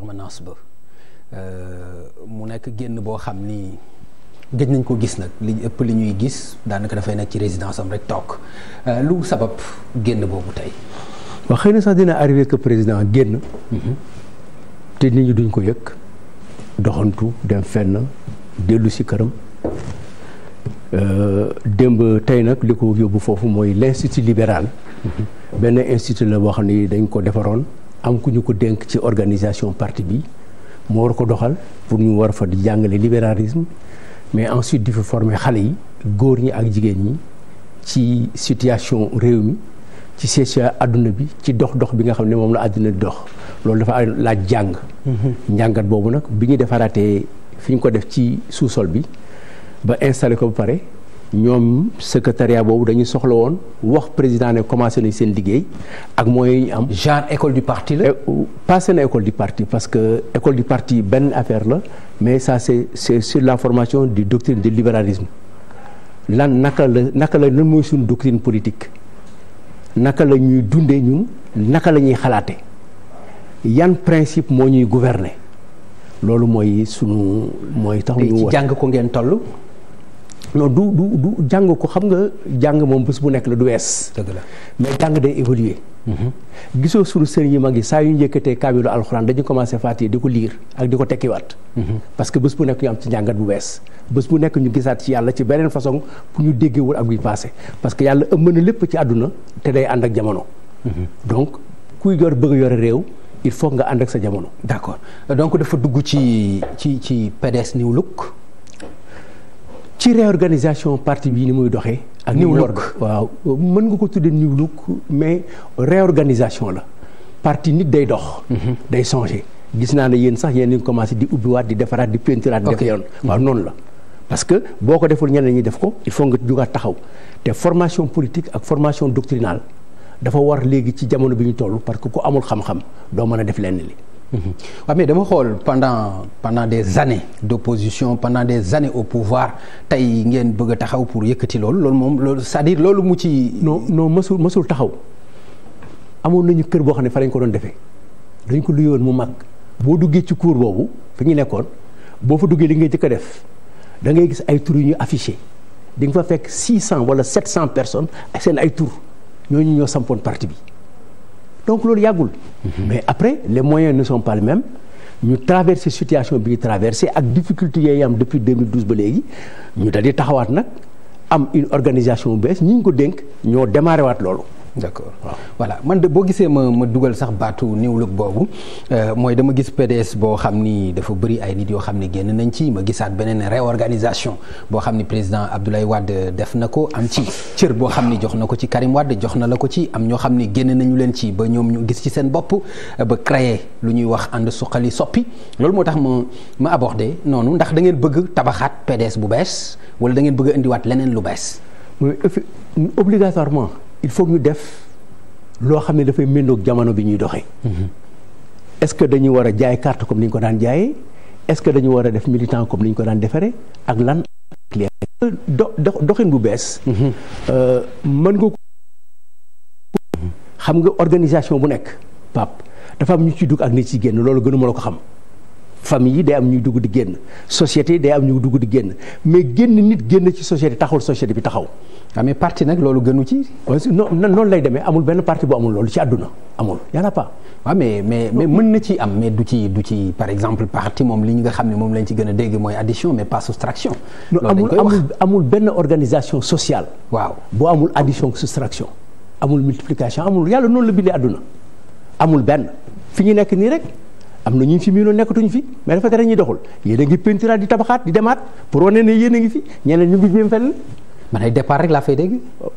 permanence ba euh, mu nekk génn boo xam ni gëj nañ ko gis nag li ëpp li ñuy gis daanaka dafay nekk ci résidence am rek toog euh, lu sabab génn boobu tey. waaw xëy na sax dina arrivé que président génn. Mhm. te nit ñi duñ ko yëg doxantu dem fenn dellu si këram euh, démb tey nag li ko yóbbu foofu mooy l' institut libéral. Mhm. benn institut la boo xam ne dañ ko defaroon. am ku ñu ko dénk ci organisation partie bi moo war ko doxal pour ñu war a fa di jàngale libéralisme mais ensuite di fa former xale yi góor ñi ak jigéen ñi ci situation réew mi ci situation adduna bi ci dox dox bi nga xam ne moom la adduna di dox loolu dafa laaj jàng. Mhm. njàngat boobu nag bi ñu defaraatee fi ñu ko def ci sous bi ba installé ko ba pare. ñoom secrétariat boobu dañu soxla woon wax président ne commencé nañ seen liggéey ak mooy ñu am. genre école du parti la. Eh, passé na école du parti parce que école du parti benn affaire la mais ça c'est c'est sur la formation du doctrine du libéralisme lan naka la naka la lan mooy suñu doctrine politique naka la ñuy dundee ñun naka la ñuy xalaate yan principe moo ñuy gouverner loolu mooy suñu mooy. tax ñu ci jàng ko ngeen toll. non du du du jàng ko xam nga jàng moom bés bu nekk la du wees. dëgg la mais jàng day évoluer. Mhm. gisoo suñu sëriñ yi mag yi saa yu njëkkatee kaamilu alxuraan dañu commencé fàttee di ko liir ak di ko tekkiwaat. Mhm. parce que bés bu nekk ñu am ci njàngat bu bees. bés bu nekk ñu gisaat ci yàlla ci beneen façon pour ñu déggewul ak buy passé parce que yàlla ëmb na lépp ci àdduna te day ànd ak jamono. Mhm. donc kuy yor bëgg yore réew. il faut nga ànd ak sa jamono. d'accord donc dafa dugg ci ci ci PDS New Look. ci réorganisation parti bi ni muy doxee. ak new look waaw mën nga ko tuddee new look mais réorganisation la parti nit day dox. Mhm. day changé gis naa ne yéen sax yéen ñu commencé di ubbiwaat di defaraat di peinturaat. ok def yoon waaw noonu la. parce que boo ko deful ñeneen ñi def ko il faut nga jugaat taxaw te formation politique ak formation doctrinale dafa war léegi ci jamono bi ñu toll parce que ku amul xam-xam doo mën a def lenn li. Mhm. waaw mais dama xool pendant pendant des années d'opposition pendant des années au pouvoir tey ngeen bëgg taxaw pour yëkkati loolu loolu moom loolu cest à loolu mu ci. noo non mësul mësul taxaw amoon nañu kër boo xam ne fa lañ ko doon defee dañ ko luyoon mu mag. boo duggee ci cour boobu fi ñu nekkoon boo fa duggee li ngay jëkk a def da ngay gis ay tur yu ñu affiché di nga fa fekk 600 wala 700 personnes ak seen ay tur ñooñu ñoo sampoon parti bi. donc loolu yàggul mhm. mais après les moyen ne sont pas les mêmes ñu traversé situation bi ñu traversé ak difficulté yooyu am depuis 2012 ba léegi ñu daal di taxawaat nag am une organisation bees ñi ñu ko dénk ñoo démarré waat loolu d' accord waaw voilà man de boo gisee ma ma dugal sax baatu new look boobu euh, mooy dama gis PDS boo xam ni dafa bëri ay nit yoo xam ne génn nañ ci ma gisaat beneen réorganisation boo xam ni président Abdoulaye Wade def na ko am ci cër boo xam ni jox na ko ci Karim Wade jox na la ko ci am ñoo xam ni génn nañu leen ci ba ñoom ñu gis ci seen bopp ba créer lu ñuy wax ànd suqali soppi loolu moo tax ma ma abordé noonu ndax da ngeen bëgg tabaxaat PDS bu bees wala da ngeen bëgg a indiwaat leneen lu bees. obligatoirement. il faut ñu def loo xam ne dafay méngoog jamono bi ñuy doxee. est-ce que dañu war a jaay carte comme ni ñu ko daan jaayee est-ce que dañu war a def militant comme ni ñu ko daan defaree ak lan. do doxin bu bees. Euh, mën nga ko. xam nga organisation bu nekk Pape dafa am ñu ci dugg ak nit ci génn loolu gënuma la ko xam. famille yi day am ñuy dugg di génn société yi day am ñuy dugg di génn mais génn nit génn ci société taxul société bi taxaw. ah mais parti nag loolu gënu ci. non noonu lay demee amul benn parti bu amul loolu ci àdduna a pas. Ah, mais mais mën na ci am mais du ci du ci par exemple parti moom li ñu nga xam ne moom lañ ci gën a dégg mooy addition mais pas soustraction. amul amul amul benn organisation sociale. waaw boo amul addition soustraction. amul multiplication amul yàlla noonu la bindee àdduna amul benn fi ñu nekk nii rek. am na ñu fi miinoo nekkatuñ fi mais dafa tere ñuy doxul yéen a ngi pentiraat di tabaxaat di demaat pour wane ne yéen ngi fi ñeneen ñu ngi jëm fenn. ay départ rek laa fay dégg. Euh,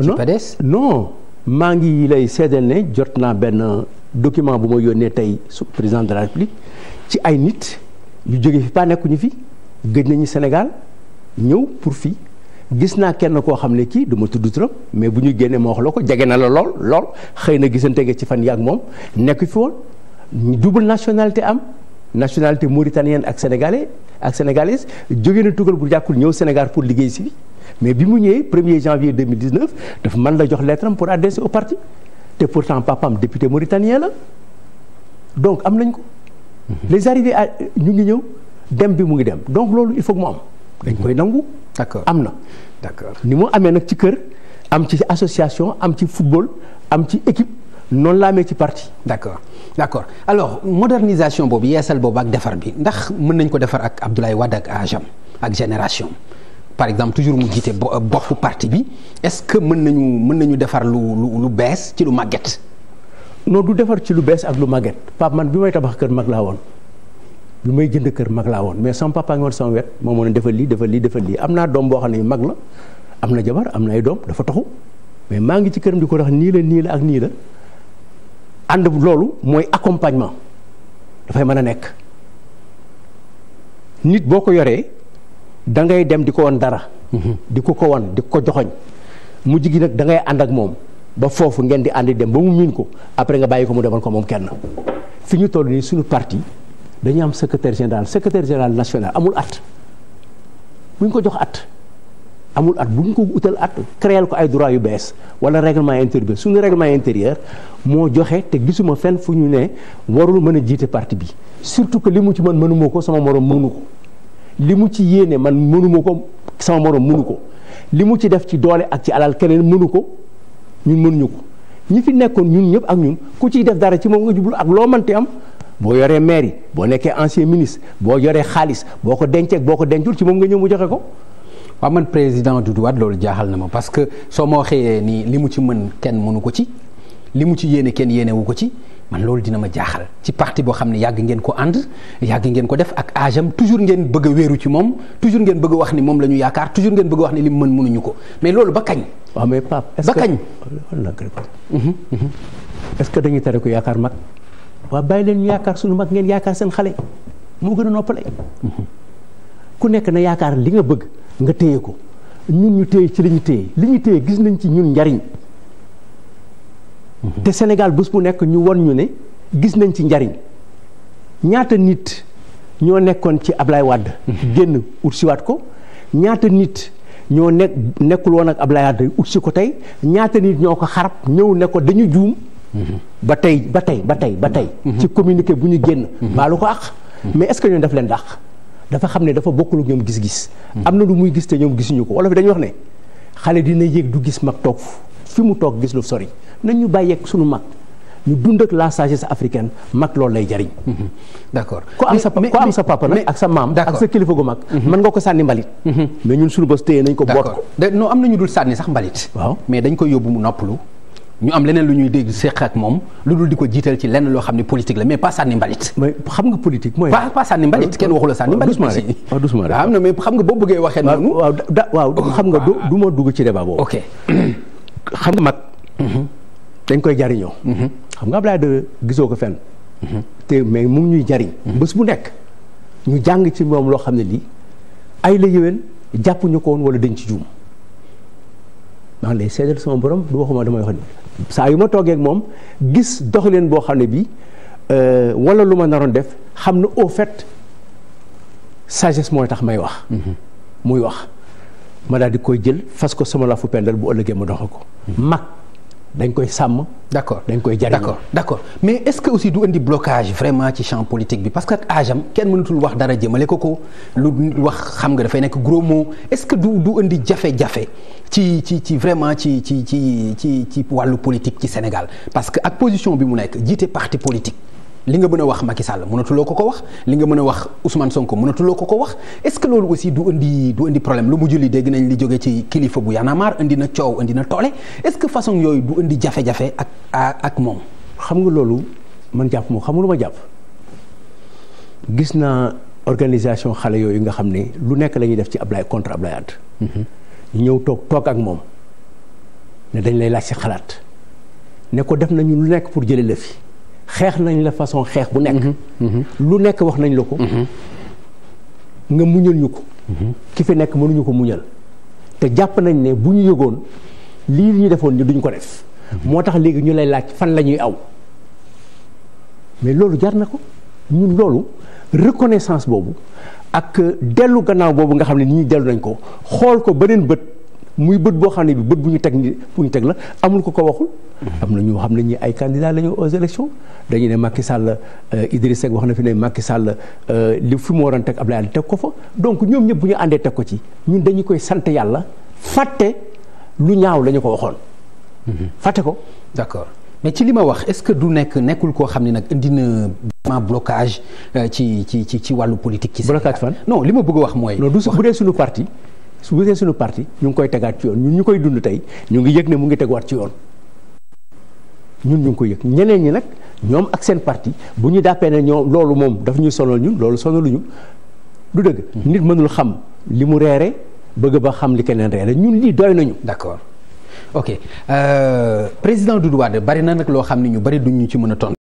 non PDS non maa ngi lay seedeel ne jot naa benn document bu ma yónnee tey su président de la ci ay nit yu jóge fi pas nekkuñu fi gëj nañu Sénégal ñëw pour fii. gis naa kenn koo xam ne kii du ma tudd turam mais bu ñu génnee ma wax la ko jege na la lool lool xëy na gisante nga ci fan yi ak moom nekk fi woon double nationalité am nationalité mauritanienne ak sénégalais ak sénégalaise jóge na tugal bu jàkkul ñëw Sénégal pour liggéey si mais bi mu ñëwee 1er janvier 2019 daf man la jox lettre am pour adhérer au parti te pourtant papam député mauritanien la donc am nañ ko. Mhm. les arrivées à ñu ngi ñëw dem bi mu ngi dem donc loolu il faut mu am. dañ koy nangu. d'accord am na. d'accord ni mu amee nag ci kër am ci association am ci football am ci équipe. noonu laa amee ci parti. d'accord d'accord alors modernisation boobu yeesal boobu ak defar bi ndax mën nañ ko defar ak Abdoulaye Wade ak Ajam ak génération par exemple toujours mu bo jiite boppu parti bi est-ce que mën nañu mën nañu defar lu lu lu bees ci lu màgget. non du defar ci lu bees ak lu màgget Pape man bi may tabax kër mag laa woon bi may jënd kër mag laa woon mais sama papa nga woon sama wet moo mën a defal lii defal lii defar lii am naa doom boo xam ne mag la am na jabar am na ay doom dafa taxu mais maa ngi ci këram di ko tax nii la nii la ak nii la. ànd loolu mooy accompagnement dafay mën a nekk nit boo ko yoree da ngay dem di ko won dara mhm. di ko ko won di ko joxoñ mujj gi nag da ngay ànd ak moom ba foofu ngeen di àndi dem ba mu miin ko après nga bàyyi ko mu demal ko moom kenn fi ñu toll nii suñu parti dañu am secrétaire général secrétaire général national amul at bu ñu ko jox at amul at bu ko utal at créer ko ay droit yu bees wala règlement intérieur suñu règlement intérieur moo joxe te gisuma fenn fu ñu ne warul mën a jiite parti bi surtout que li mu ci mën mënuma ko sama morom mënu ko li mu ci yéene man mënuma ko sama morom mënu ko li mu ci def ci doole ak ci alal keneen mënu ko ñun mënuñu ko ñi fi nekkoon ñun ñëpp ak ñun ku ciy def dara ci moom nga jublu ak loo ti am boo yoree maire yi boo nekkee ancien ministre boo yoree xaalis boo ko denceeg boo ko dencul ci moom nga ñëw mu joxe ko waaw man président Doudou Wade loolu jaaxal na ma parce que soo ma waxee nii li mu ci mën kenn mënu ko ci li mu ci yéene kenn yéenewu ko ci man loolu dina ma jaaxal ci parti boo xam ne yàgg ngeen ko ànd yàgg ngeen ko def ak âge am toujours ngeen bëgg a wéeru ci moom toujours ngeen bëgg wax ni moom lañu ñu yaakaar toujours ngeen bëgg a wax ni li mu mënuñu ko mais loolu ba kañ. waaw mais Pape est-ce que ba kañ. Mhm, mhm. est dañuy tere ko yaakaar mag. waa bàyyi leen ñu yaakaar suñu mag ngeen yaakaar seen xale moo gën a ku nekk na yaakaar li nga bëgg nga téye ko ñun ñu téye ci li ñu téye li ñu téye gis nañ ci ñun njariñ mhm. te Sénégal bés bu nekk ñu won ñu ne gis nañ ci njariñ ñaata nit ñoo nekkoon ci Ablaye Wade mhm. génn ut siwaat ko ñaata nit ñoo nekk nekkul woon ak Ablaye Wade ut si ko tey ñaata nit ñoo ko xarab ñëw ne ko dañu juum mhm. ba tey ba tey ba tey ba tey ci communiqué bu ñu génn baalu ko àq mais est-ce que daf leen dàq dafa xam ne dafa bokkul ñoom gis-gis. am na lu muy gis te ñoom gisuñu ko wala fi dañuy wax ne xale dina yéeg du gis mag toog fi mu toog gis lu sori nañ ñu bàyyeeg suñu mag. ñu dund ak la sagesse africaine mag loolu lay jariñ. Mhm. d'accord ko am sa ko am papa nag ak sa maam. ak sa kilifa gu mag. man mhm. nga ko sànni mbalit. Mhm. mais ñun suñu bos téye nañ ko boot ko. non am nañu ñu dul sànni sax mbalit. waaw mais dañ koy yóbbu mu nopp noppalu. ñu am leneen lu ñuy dégg seq ak moom lu dul di ko jiital ci lenn loo xam ne politique la mais pas sànni mbalit. mais xam nga politique mooy. pas pas sànni mbalit kenn waxula sànni mbalit. am ah, na mais xam nga boo bëggee waxee noonu. waaw waaw xam nga du ma dugg ci débat boobu. ok xam nga mag. Mhm. dañ koy jariñoo. Mhm. xam nga Abdoulaye de gisoo ko fen mhm. te mais mu ñuy jariñ. bés bu nekk ñu jàng ci moom loo xam ne lii ay la yéwén jàpp ñu ko woon wala dañ ci juum. nga xam ne seedal sama borom du waxuma damay wax saa yu ma toogee moom gis doxalin boo xam ne bii euh, wala lu ma naroon def xam na au fait sagesse mooy tax may wax. Mhm. muy wax ma daal di koy jël fas ko sama la fu pendal bu ëllëgee ma dox ko mhm. mag. dañ koy sàmm. d'accord dañ koy jariñ d'accord d'accord mais est-ce que aussi du indi blocage vraiment ci champ politique bi parce que ak âge am kenn mënatul wax dara jëmale ko ko lu wax xam nga dafay nekk gros est-ce que du du indi jafe-jafe ci ci ci vraiment ci ci ci ci ci wàllu politique ci Sénégal parce que ak position bi mu nekk jiite parti politique. li nga mën a wax Macky Sall mënatuloo ko ko wax li nga mën a wax Ousmane Sonko mënatuloo ko ko wax est-ce que loolu aussi du indi du indi problème lu mujj li dégg nañ li jóge ci kilifa bu Y'en a marre indi na coow indi na toole est-ce que façon yooyu du indi jafe-jafe ak ak moom. xam nga loolu man jàpp moom xam nga lu ma jàpp gis na organisation xale yooyu nga xam ne lu nekk lañuy def ci Ablaye contre Ablaye Wade. Mhm. ñu ñëw toog toog ak moom ne dañ lay laaj si xalaat ne def nañu lu nekk pour jëlee la fi. xeex nañ la façon xeex bu nekk. lu nekk wax nañ la ko. nga muñal ñu ko. ki fi nekk mënuñu ko muñal. te jàpp nañ ne bu ñu yëgoon lii ñu defoon ni duñ ko def. moo tax léegi ñu lay laaj fan la ñuy aw. mais loolu jar na ko ñun loolu reconnaissance boobu ak dellu gannaaw boobu nga xam ne nit ñi dellu nañ ko xool ko beneen bët. muy bët boo xam ne bi bët bu ñu teg ni bu ñu teg la amul ko ko waxul. Mm-hmm. am na ñoo xam ne ñi ay candidats lañu ñu aux élections dañu ne Macky Sall euh, Idriss Seck wax na fi ne Macky Sall euh, li fi mu waroon teg Abdoulaye teg ko fa donc ñoom ñëpp bu ñu àndee teg ko ci ñun dañu koy sant yàlla fàtte lu ñaaw lañu ko waxoon. Mm-hmm. fàtte ko d'accord. mais ci li ma wax est-ce que du nekk nekkul koo xam ne nag indi na vraiment blocage euh, ci ci ci ci wàllu politique. ci blocage fan non li ma bëgg a wax mooy. non du bu parti. su gisee suñu parti ñu ngi koy tegaat ci yoon ñun ñu koy dund tey ñu ngi yëg ne mu ngi teguwaat ci yoon ñun ñu ngi koy yëg ñeneen ñi nag ñoom ak seen parti bu ñu dàppee ne ñoom loolu moom dafa ñuy sonal ñun loolu lu ñu du dëgg. Hmm. nit mënul xam li mu reere bëgg ba xam li keneen reere ñun lii doy nañu. d'accord ok euh, président Doudou Wade bari na nag loo xam ne ñu bari duñ ñu ci mën a tontu.